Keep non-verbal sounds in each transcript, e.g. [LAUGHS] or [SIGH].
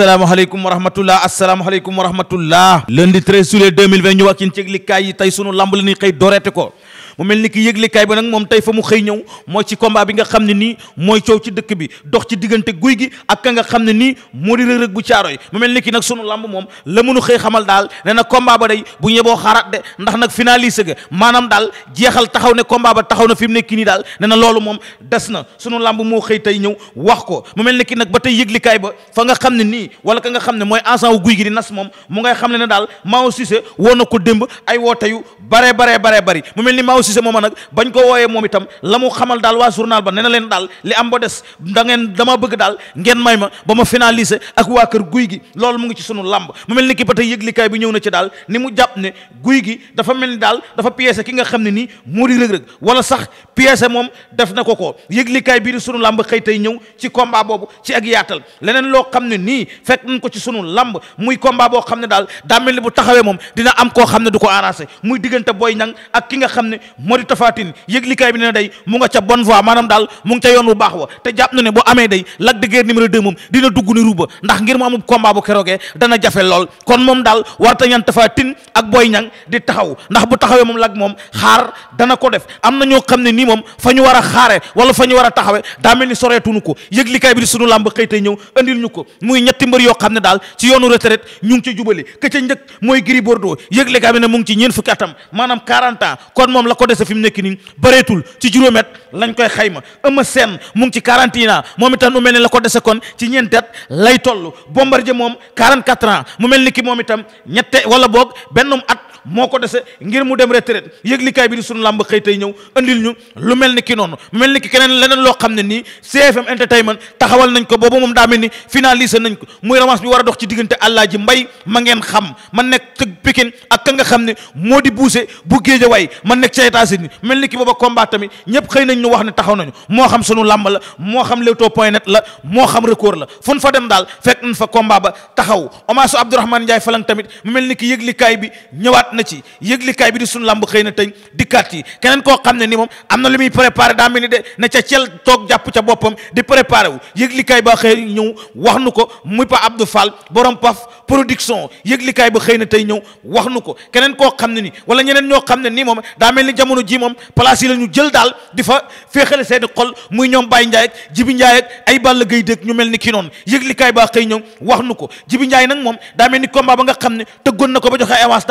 asalaamaaleykum wa rahmatullah asalaamaaleykum wa rahmatullah lundi 13 juillet 2020 ñu wax ci yéen ci yëglikaay yi tey sunu lamb la ñuy xëy dooreete ko mu mel ni ki yëglekaay ba nag moom tey fa mu xëy ñëw mooy ci combat bi nga xam ne nii mooy coow ci dëkk bi dox ci diggante guy gi ak ka nga xam ne nii moo di rëg-rëg bu caaro yi mu mel ni ki nag sunu lamb moom la mënu xëy xamal daal ne na combat ba day bu ñeboo xaaraat de ndax nag finaliste ga maanaam daal jeexal taxaw ne combat ba taxaw na fi mu nekk nii daal ne na loolu moom des na sunu làmb moo xëy tey ñëw wax ko mu mel ni ki nag ba tey yëglikaay ba fa nga xam ne nii wala ka nga xam ne mooy agent guy gi di nas moom mu ngay xam ne ne daal Mao Cissé woo na ko démb ay woote yu bare bare bare bari mu mel ni Mao Cissé mooma nag bañ ko wooyee moom itam la mu xamal daal waa journal ba nee leen daal li am ba des da dama bëgg daal ngeen may ma ba ma finaliser ak waa kër guy gi loolu mu ngi ci sunu làmb mu mel ni ki ba tey yëglikaay bi ñëw na ci daal ni mu jàpp ne guy gi dafa mel ni daal dafa pièce ki nga xam ne nii moo di rëg-rëg wala sax pièce moom def na ko ko yëglikaay bii di sunu làmb xëy tey ñëw ci combat boobu ci ak yaatal leneen loo xam ne nii fekk nañ ko ci sunu làmb muy combat boo xam ne daal daa mel ni bu taxawee moom dina am koo xam ne du ko arrangé muy diggante booy ñang ak ki nga xam ne moo di tafaatin yëglikaay bi ne na day mu nga ca bonne voie maanaam daal mu ngi ca yoon bu baax wa te jàpp na ne bu amee day Lac de Guiers numéro 2 moom dina dugg ni ruba ndax ngir mu amub combat bu keroogee dana jafe lool kon moom daal warta ñan tafaatin ak Boy Niang di taxaw ndax bu taxawee moom Lac moom xaar dana ko def am na ñoo xam ne nii moom fa ñu war a xaare wala fa ñu war a taxawe daa mel ni soreetunu ko yëglikaay bi di sunu làmb xëy tey ñëw andil ñu ko muy ñetti mbër yoo xam ne daal ci yoonu retraite ñu ngi ci jubali ka ca njëkk mooy Gris Bordeaux yëglikaay bi ne mu ngi ci ñeen fukki atam maanaam 40 ans kon moom la ko dese fi mu nekk nii bëreetul ci juróomi at lañ koy xayma Eumeu Sène mu ngi ci quarante et un moom itam mu mel ni la ko dese kon ci ñeenti at lay toll Bombardier moom quarante quatre ans mu mel ni ki moom itam ñette wala boog benn at. moo ko dese ngir mu dem retraite kaay bi di sunu làmb xëy tey ñëw andil ñu lu mel ni ki noonu mel ni ki keneen leneen loo xam ne nii CFM entertainment taxawal nañ ko booba moom daa mel ni finalisé nañ ko muy revanche bi war a dox ci diggante Alaaji Mbay ma ngeen xam ma nekk ca Pikine ak ka nga xam ne moo di buuse bu way ma nekk ca États-Unis mel ni ki booba combat tamit ñëpp xëy nañ ñu wax ne taxaw nañu moo xam sunu làmb la moo xam Leewtoo point net la moo xam record la fu fa dem daal fekk nañ fa combat ba taxaw Omar Abdourahmane Ndiaye falang tamit mel ni ki yëglikaay bi ñëwaat ñëwaat na ci yëglikaay bi di suñu làmb xëy na tey dikkaat yi keneen koo xam ne ni moom am na lu muy préparé daa mel ni de na ca cel toog jàpp ca boppam di préparé wu yëglikaay ba xëy ñëw wax nu ko muy pa Abdou Fall borom paf production yëglikaay ba xëy na tey ñëw wax nu ko keneen koo xam ne ni wala ñeneen ñoo xam ne nii moom daa mel ni jamono ji moom place yi la jël daal di fa féexale seeni xol muy ñoom Baye Ndiaye ak Jibi Ndiaye ay Balla Gaye dëkk ñu mel ni ki noonu yëglikaay ba xëy ñëw wax nu ko Jibi Ndiaye nag moom daa mel ni combat ba nga xam ne tëggoon na ko ba joxe avance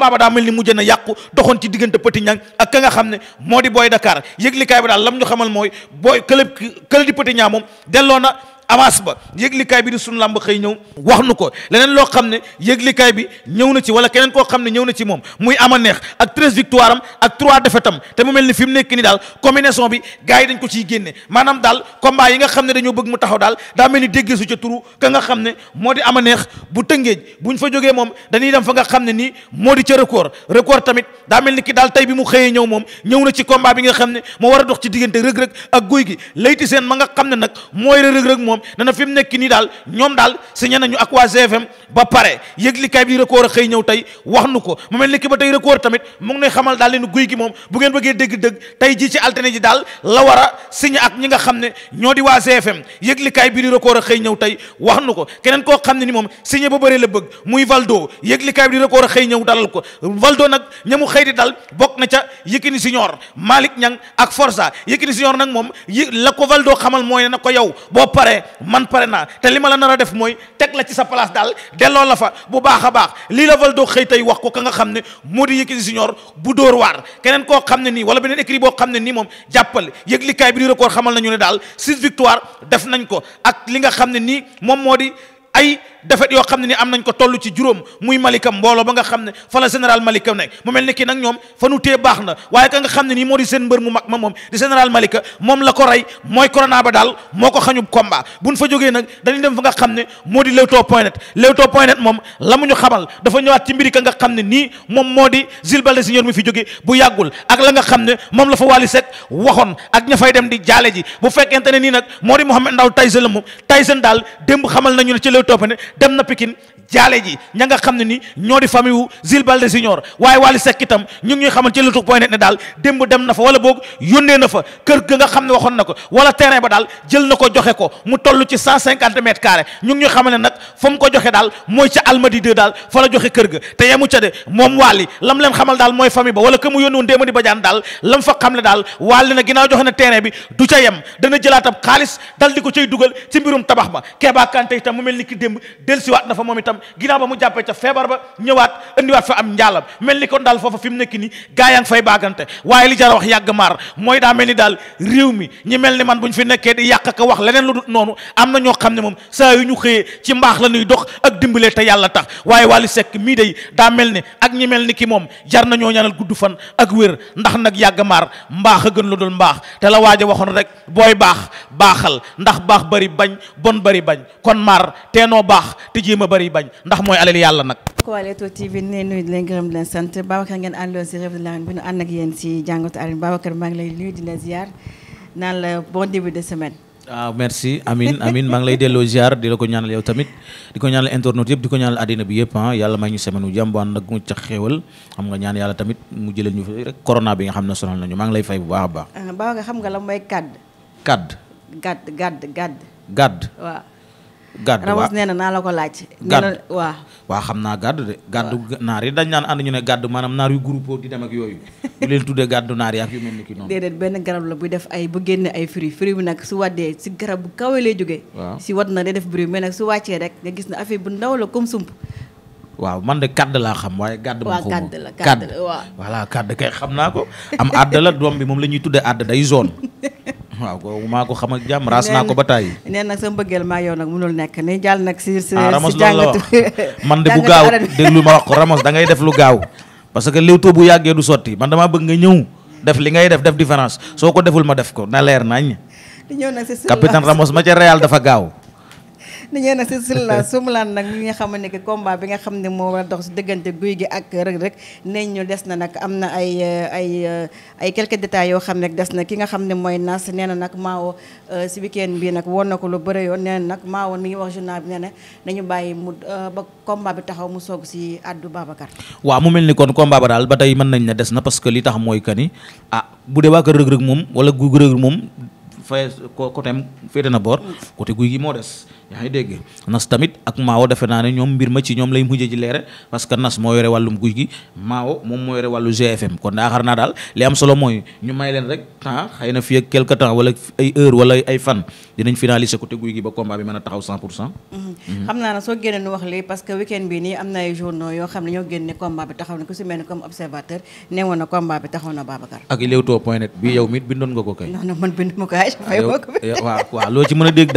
combat ba daa mel ni mujj na yàqu doxoon ci diggante Petit Niang ak ka nga xam ne moo di Boy Dakar yëglikaay ba daal lam ñu xamal mooy booy këlëb këlë di Petit Niang moom delloo na avance ba yëglikaay bi di sunu làmb xëy ñëw wax nu ko leneen loo xam ne yëglikaay bi ñëw na ci wala keneen koo xam ne ñëw na ci moom muy ama neex ak treize victoire am ak trois defetam te mu mel ni fi mu nekk nii daal combinaison bi gars yi dañ ko ciy génne maanaam daal combat yi nga xam ne dañoo bëgg mu taxaw daal daa mel ni déggee su ca turu ka nga xam ne moo di ama neex bu tëngeej buñ fa jógee moom dañuy dem fa nga xam ne nii moo di ca record record tamit daa mel ni ki daal tey bi mu xëyee ñëw moom ñëw na ci combat bi nga xam ne moo war a dox ci diggante rëg-rëg ak guy gi layti seen nga xam ne nag mooy rëg-rëg moom moom ne na fi mu nekk nii daal ñoom daal signé nañu ak waa GFM ba pare yëglikaay bi record a xëy ñëw tey wax nu ko mu mel ni ba tey record tamit mu ngi xamal daal leen guy gi moom bu ngeen bëggee dégg-dëgg tey ji ci altine ji daal la war a ak ñi nga xam ne ñoo di waa GFM yëglikaay bi di record a xëy ñëw tey wax nu ko keneen koo xam ne ni moom signé ba bëri la bëgg muy Valdo yëglikaay bi di record a xëy ñëw dalal ko Valdo nag ña xëy di dal bokk na ca Yékini Signor Malick Niang ak Forza Yékini Signor nag moom yi la ko Valdo xamal mooy ne na ko yow boo paree man pare naa te li ma la nar a def mooy teg la ci sa place daal delloo la fa bu baax a baax lii la doo xëy tey wax ko ka nga xam ne moo di Yékini Junior bu dóor waar keneen koo xam ne nii wala beneen écrit boo xam ne nii moom jàppal yëglikaay bi di record xamal nañu ne daal six victoire def nañ ko ak li nga xam ne nii moom moo di ay defet yoo xam ne ni am nañ ko toll ci juróom muy malika mbooloo ba nga xam ne fa la général malika nekk mu mel ni kii nag ñoom fa nu tee baax na waaye ka nga xam ne nii moo di seen mbër mu mag ma moom di général malika moom la ko rey mooy corona ba daal moo ko xañub combat buñ fa jógee nag dañuy dem fa nga xam ne moo di leewtoo point net leewtoo point moom la mu ñu xamal dafa ñawaat ci mbiri ka nga xam ne nii moom moo di Jules Baldé Senior mi fi jóge bu yàggul ak la nga xam ne moom la fa Wally Seck waxoon ak ña fay dem di jaale ji bu fekkente ne nii nag moo di Mohamed Ndaw Tyson la moom Tyson daal démb xamal nañu ne ci leewtoo point net dem na Pikine jaale ji ña nga xam ne ni ñoo di famille wu Jules Baldé Junior waaye Wally Seck itam ñu ngi ñuy xamal ci Leewtoo point net daal démb dem na fa wala boog yónnee na fa kër ga nga xam ne waxoon na ko wala terrain ba daal jël na ko joxe ko mu toll ci cent cinquante mètres carrés ñu ngi xamal ne nag foo mu ko joxe daal mooy ca Almadies 2 daal fa la joxe kër ga te yemu ca de moom Wally lam leen xamal daal mooy famille ba wala que mu yónni woon Demba Badiane daal lam fa xam ne daal Wally na ginnaaw joxe na terrain bi du ca yem dana jëlaat xaalis dal di ko cay dugal ci mbirum tabax ba Keba Kanté itam mu mel ni ki démb dellusiwaat na fa moom itam ginnaaw ba mu jàppee ca feebar ba ñëwaat indiwaat fa am njaalam mel ni kon daal foofa fi mu nekk ni gaa yaa ngi fay baagante waaye li jar a wax yàgg maar mooy daa mel ni daal réew mi ñi mel ni man bu ñu fi nekkee di yàq ak wax leneen lu dul noonu am na ñoo xam ne moom saa yu ñu xëyee ci mbaax la ñuy dox ak dimbalee te yàlla tax waaye Wally sekk mii day daa mel ne ak ñi mel ni ki moom jar na ñoo ñaanal gudd fan ak wér ndax nag yàgg maar mbaax a gën lu dul mbaax te la waaj a waxoon rek booy baax baaxal ndax baax bari bañ bon bari bañ a ndax mooy alal yàlla nag waa Leewtoo TV ne nuyu di ngeen àndoon si revue de l'arène bi nu ànd ak yéen si jàngatu arène Babacar maa ngi lay nuyu di la ziar naan la bon début de semaine waaw ah, merci amin amin maa ngi lay delloo ziar di la ko ñaanal yow tamit di ko ñaanal internautes yëpp di ko ñaanal àddina bi yëpp ah, yàlla may ñu semaine wu jàmm bu mu ca xéewal xam nga ñaan yàlla tamit mu jëlal corona bi nga xam ne sonal nañu maa ngi lay fay bu baax a baax ah, Babacar xam nga gàddu waaw Ramos nee na naa la ko laaj. gàddu waa waa xam naa gàddu de. gàddu naar yi dañ naan ànd ñu ne gàdd maanaam naar yu groupe di dem ak yooyu. bu [LAUGHS] leen tuddee gàddu naar yi ak yu mel ni ki noonu. déedéet benn garab la buy def ay bu génne ay fruits fruits bi nag su wàddee si garab bu kawee lay jógee. si wadd na day def bruit mais nag su wàccee rek nga gis ne affaire bu ndaw la comme sump waaw man de kàdd laa xam waaye gàdd ma xaw ma kàdd voilà kàdd kay xam naa ko am àdd la doom bi moom la ñuy tuddee àdd day zone [LAUGHS] waaw ko maa ko xam ak jàmm raas naa ko ba tàyyi nee nag sa mbëggeel maa yow nag mënul nekk ni jàll nag si si ah, ramos man de bu [LAUGHS] gaaw déglu ma wax ko ramos da ngay def lu gaaw parce que Leewtoo bu yàggee du sotti man damaa bëgg nga ñëw def li ngay def def différence soo ko deful ma def ko na leer nañ di ñëw nag si capitaine [LAUGHS] ramos ma ca Real dafa gaaw dañee nag si la sumulaan nag ñi nga xam ne que combat bi nga xam ne moo war a dox si diggante guy gi ak rëg-rëg neñ ñu des na nag am na ay euh, ay euh, ay quelques détails yoo xam ne des na ki nga xam ne mooy nas nee na nag maawo euh, si weekend bi nag woon na ko lu bëri yoon nee na nag maawo mi ngi wax journal bi nee na bàyyi mu ba combat bi taxaw mu soog si addu Babacar waaw mu mel ni kon combat ba daal ba tey mën nañ ne des na parce que li tax mooy que ni ah, bu dee waa kër rëg-rëg moom wala guy rëg moom fay côté féete na boor mm. côté guy gi moo des yaa ngi dégg nas tamit ak maawo defe naa ne ñoom mbir ma ci ñoom lay mujjee ji leere parce nas moo yore wàllum guy gi maawo moom moo yore wàllu GFM kon daa naa daal li am solo mooy ñu may leen rek temps xëy na fii ak quelque temps wala ay heure wala ay fan dinañ finaliser côté guy gi ba combat bi mën a taxaw 100 pour cent mm-hmm. xam naa ne soo génnee nu wax lii parce que week bi nii am na ay journaux yoo xam ne ñoo génne combat bi taxaw na a dégg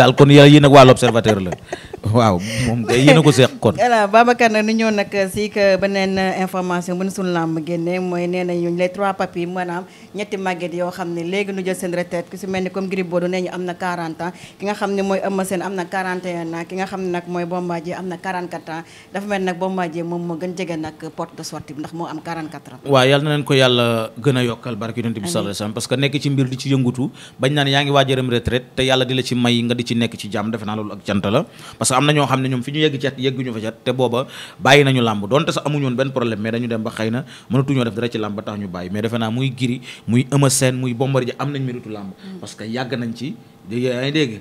observateur la waaw moom kay yéen a ko seq kon. voilà Babacar nu ñëw nag si que beneen information bu nu suñu làmb génnee mooy nee nañu les trois papiers maanaam ñetti màgget yoo xam ne léegi nu jël seen retraite ku si mel ni comme Gris Bordeaux nee ñu am na 40 ans ki nga xam ne mooy Eumeu Sène am na 41 ans ki nga xam ne nag mooy Bombardier am na 44 ans dafa mel nag Bombardier moom moo gën jege nag porte de sortie ndax moo am 44 ans. waaw yal na leen ko yàlla ci mbir ci yëngutu bañ naan yaa ngi waaj a te yàlla di la ci may nga di ci nekk ci jàmm defe am na ñoo xam ne ñoom fi ñu yegg cat yegguñu fa cat te booba bàyyi nañu làmb donte sax amuñu benn problème mais dañu dem ba xëy na mënatuñoo def dara ci làmb ba tax ñu bàyyi mais defe naa muy giri muy Eumeu Sène muy Bombardier am nañ méritu làmb mm. parce que yàgg nañ ci yaa ngi dégg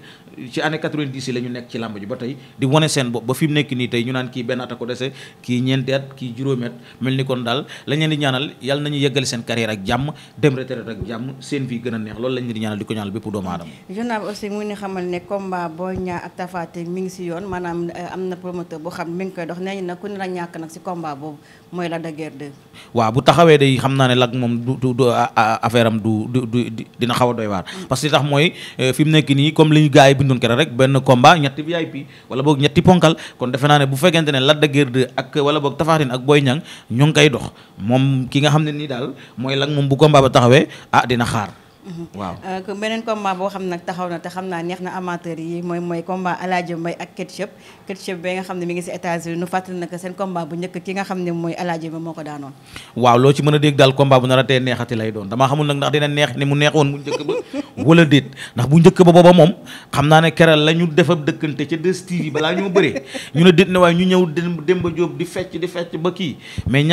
ci année 90 yi la ñu nekk ci làmb ji ba tey di wane seen bopp ba fi nekk nii tey ñu naan kii benn at a ko dese kii ñeenti at kii juróomi at mel ni kon daal lañ leen di ñaanal yàlla nañu yeggali seen carrière ak jàmm dem retraite ak jàmm seen vie gën a neex loolu lañ leen di ñaanal di ko ñaanal bépp doomu aadama journal aussi mu ngi xamal ne combat Boy Niang ak Tapha Tine ngi si yoon maanaam eh, am na promoteur boo xam mi ngi koy dox nee ñu n ku ne la ñàkk nag si combat boobu mooy Lac bu taxawee day xam naa ne lak moom du du affaire am du du dina xaw a doy waar mm. nekk nii comme li ñu gars yi bindoon keroog rek benn combat ñetti VIP wala boog ñetti ponkal kon defe naa ne bu fekkente ne Lac de Guiers ak wala boog Tapha Tine ak Boy Niang ñu ngi koy dox moom ki nga xam ne nii daal mooy Lac moom bu combat ba taxawee ah dina xaar. Mm-hmm. waaw euh, beneen combat boo xam nag taxaw na te xam naa neex na amateur yi mooy mooy combat Alaaji Mbay ak Ketchup ketchup bi nga xam ne mi ngi si États-Unis nu fàttali na ko seen combat bu njëkk ki nga xam ne mooy alaaji bi a dégg daal a tee neexati lay doon damaa xamul nag ndax dina neex ni mu neex woon ba [LAUGHS] wala déet ndax bu la ba kii mais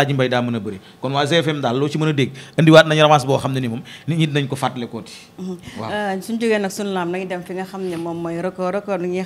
a mm. mbay daa mën a kon waa GFM daal loo ci mën dégg indiwaat nañu nañu revanche boo xam ne ni moom nit ñi dinañ ko fàttale kooti mhm. waaw euh, suñ jógee nag suñu laam nañu dem fi nga xam ne moom mooy record record li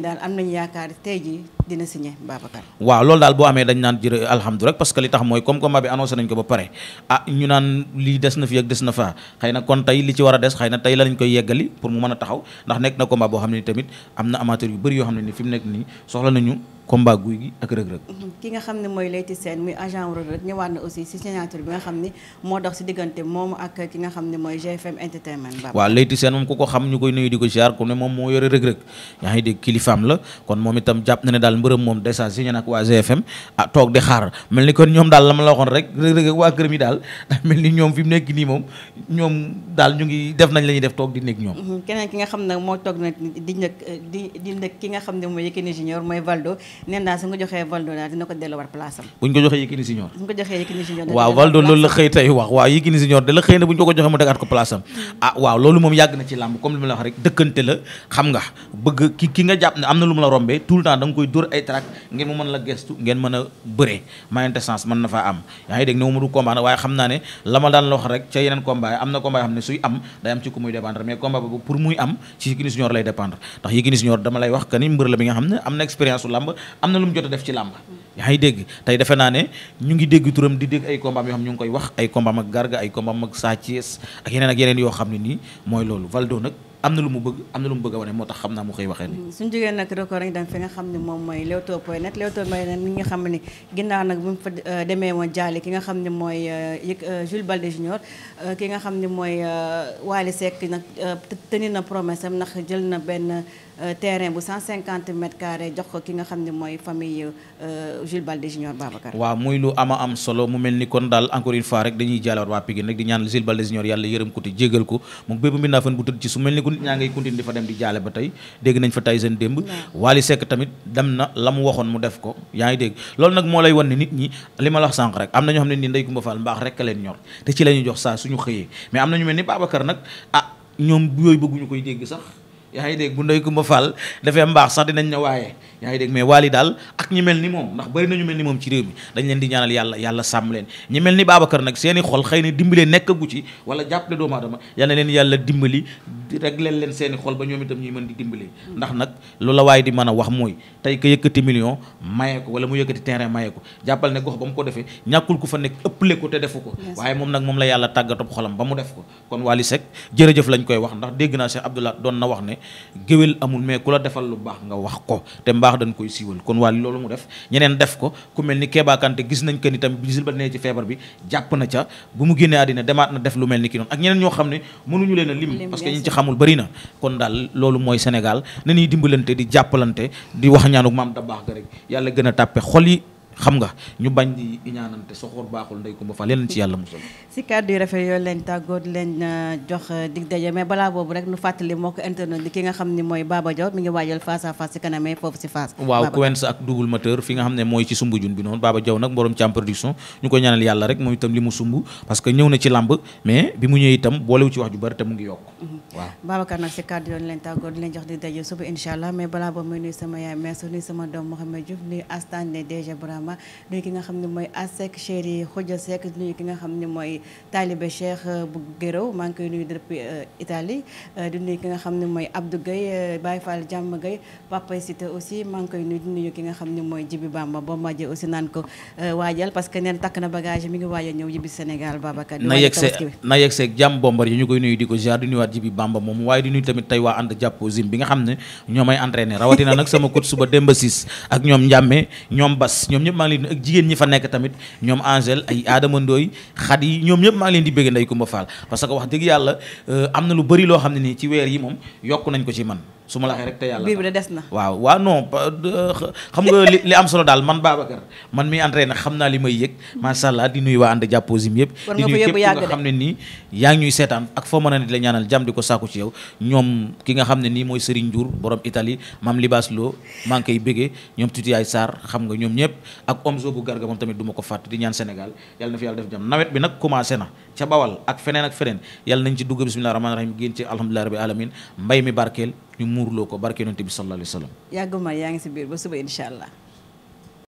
daal am nañu yaakaar tey ji dina signé Babacar waaw loolu daal boo amee dañ naan jërë alhamdu rek parce que li tax mooy comme combat bi annoncé nañ ko ba pare ah ñu naan lii des na fi ak des na fa xëy na kon tey li ci war a des xëy na tey la lañ koy yeggali pour mu mën a taxaw ndax nekk na combat boo xam ne ni tamit combat guy gi ak rëg-rëg mhm. ki nga xam ne mooy Leyti Sène muy agent rëg-rëg ñëwaat na aussi si signature bi nga xam ne moo dox si rëg-rëg la kon moom itam jàpp na ne daal mbërëm moom dèjà signé waa GFM yi ah, daal [LAUGHS] mel ni ñoom fi nekk nii moom ñoom daal ñu ngi def nañ la def toog di nekk ñoom mhm. keneen ki nga xam ne moo toog nag di nag ki nga xam ne mooy Yékini Junior mooy Valdo neen daal su nga joxee Valdo daal dina ko delloo war place am ko joxee Yékini Senior waaw Valdo loolu la xëy tey wax waaw Yékini Senior da la xëy na buñ ko ko joxee mu tegaat ko place hmm. ah waaw loolu moom yàgg na ci làmb comme li ma la wax ngeen mu a bëree mayante sens mën na faa am waaye xam naa ne la daan la wax rek ca yeneen combat am na combat yoo ne suy am day am ci ku muy dépendre mais combat boobu pour muy am ci Yékini Senior lay am na lu mu jot a def ci làmb yaa ngi dégg tey defe naa ne ñu ngi dégg turam di dégg ay combat yoo xam ñu ngi koy wax ay combat ak Garga ay combat ak Sa Thiès ak yeneen ak yeneen yoo xam ne nii mooy loolu Valdo nag am na lu mu bëgg am na lu mu bëgg a wane moo tax xam naa mu koy waxee nii suñu jógee nag record dañu dem fi nga xam ne moom mooy Leewtoo point net Leewtoo point net ni nga xam ne ginnaaw nag bu mu fa euh, demee woon jaale ki nga xam ne mooy euh, euh, Jules Balde Junior ki nga xam ne mooy Waly Seck nag tëni na promesse na benn Euh, terrain bu 150 mètres carrés jox ko ki nga xam ne mooy famille euh, Jules Balde Junior Babacar. waaw muy lu ama am solo mu mel ni kon daal encore une fois rek dañuy jaalaat waa Pikine rek di ñaan Jules Balde Junior yàlla yërëm ko te jégal ko moom bépp su nit ñaa ngay continuer di fa dem di jaale ba tey dégg nañ fa tay seen na la mu waxoon mu def ko yaa ngi dégg loolu nag moo lay wan ne nit ñi li ma la wax sànq rek am na ñoo xam ne nii Ndeye Coumba Fall mbaax rek a leen ñor te ci la ñu jox saa suñu xëyee mais am na ñu mel ni Babacar nag ah ñoom yooyu bëgguñu koy dégg sax yaa ngi dégg bu ndey Kumba Fall dafee mbaax sax dinañ ne waaye yaa ngi dégg mais waali daal ak ñi mel ni moom ndax bëri nañu mel ni moom ci réew mi dañ leen di ñaanal yàlla yàlla sàmm leen ñi mel ni Babacar nag seen i xol xëy na dimbalee nekk gu ci wala jàppale doomu aadama yal leen yàlla dimbali rek leen leen seen xol ba ñoom itam ñuy mën di dimbalee ndax nag lu la waaye di mën a wax mooy tey ko yëkkati million maye ko wala mu yëkkati terrain maye ko jàppal ne gox ba mu ko defee ñàkkul ku fa nekk ëpple ko te defu ko waaye moom nag moom la yàlla tàggatop xolam ba mu def ko kon Wally Seck jërëjëf lañ koy wax ndax dégg naa Cheikh Abdoulaye doon na wax ne géwél amul mais ku la defal lu baax nga wax ko te mbaax dañ koy siiwal kon Wally loolu mu def ñeneen def ko ku mel ni Keba Kanté gis nañ ko itam tamit bisil ba nee ci feebar bi jàpp na ca bu mu génnee àddina demaat na def lu mel ni ki noonu ak ñeneen ñoo xam ne mënuñu leen a lim parce que ci xamul bëri na kon daal loolu mooy Sénégal na ñuy dimbalante di jàppalante di wax ñaanu maam da baax ga rek yàlla gën a tàppe xol yi xam nga ñu bañ di ñaanante soxor baaxul ndey Kumba Fall leen ci yàlla mu sumb na ci làmb mais bi mhm. yoon leen tàggoo leen jox di daje suba incha allah mais balaa boobu may nuyu sama yaay mais nuyu sama doom Mouhamed Diouf nuyu Astane DG Brahma Ibrahima nuyu ki nga xam ne mooy Asek Chéri Khoudia Seck nuyu ki nga xam ne mooy Talibé Cheikh euh, bu Gérow maa nuyu depuis euh, Italie euh, di ki nga xam ne mooy Jàmm Gueye Papa Cité aussi maa ngi koy nuyu di ki nga xam ne mooy Jibi Bamba ba majee aussi naan ko waajal parce que neen takk na bagage mi ngi waaj a ñëw yibi Sénégal Babacar na yegsee na yegseeg jàmm bombar yi ñu koy nuyu di ko ziar di nuyuwaat Jibi Bamba moom waaye di nuyu tamit tey waa ànd jàpp zim bi nga xam ne ñoo may entraîné rawatina nag sama coach suba Demba ak ñoom Njàmme ñëpp maa leen ak jigéen ñi fa nekk tamit ñoom Angèle ay Adama Ndoye xat yi ñoom ñëpp maa ngi leen di bëgg Ndeye Coumba Fall parce que wax dëgg yàlla euh, am na lu bari loo xam ne nii ci weer yi moom yokk nañ ko ci man su ma la waxee rek te yàlla biir bi des na waaw waaw non xam nga li am solo daal man Babacar man mi entraîné xam naa li may yëg macha allah di nuyu waa ànd jàpposim yëpp di nga xam ne nii yaa ngi ñuy seetaan ak foo mën a ne di la ñaanal jàmm di ko sàkku ci yow ñoom ki nga xam ne nii mooy Serigne Diour borom Italie maam Libaas Lo maa ngi koy bégee ñoom Tutiyaay Sarr xam nga ñoom ñëpp ak Omzo bu Garga moom tamit du ko fàtt di ñaan Sénégal yàlla na fi yàlla def jàmm nawet bi nag commencé na ca bawal ak feneen ak feneen yàlla nañ ci dugg bisimilah rahmaani rahim génn ci alhamdulilah rabbi alamin mbay mi barkeel ñu muurloo ko barkeel yonent bi sallallahu alayhi wa yaa ngi si biir ba suba incha allah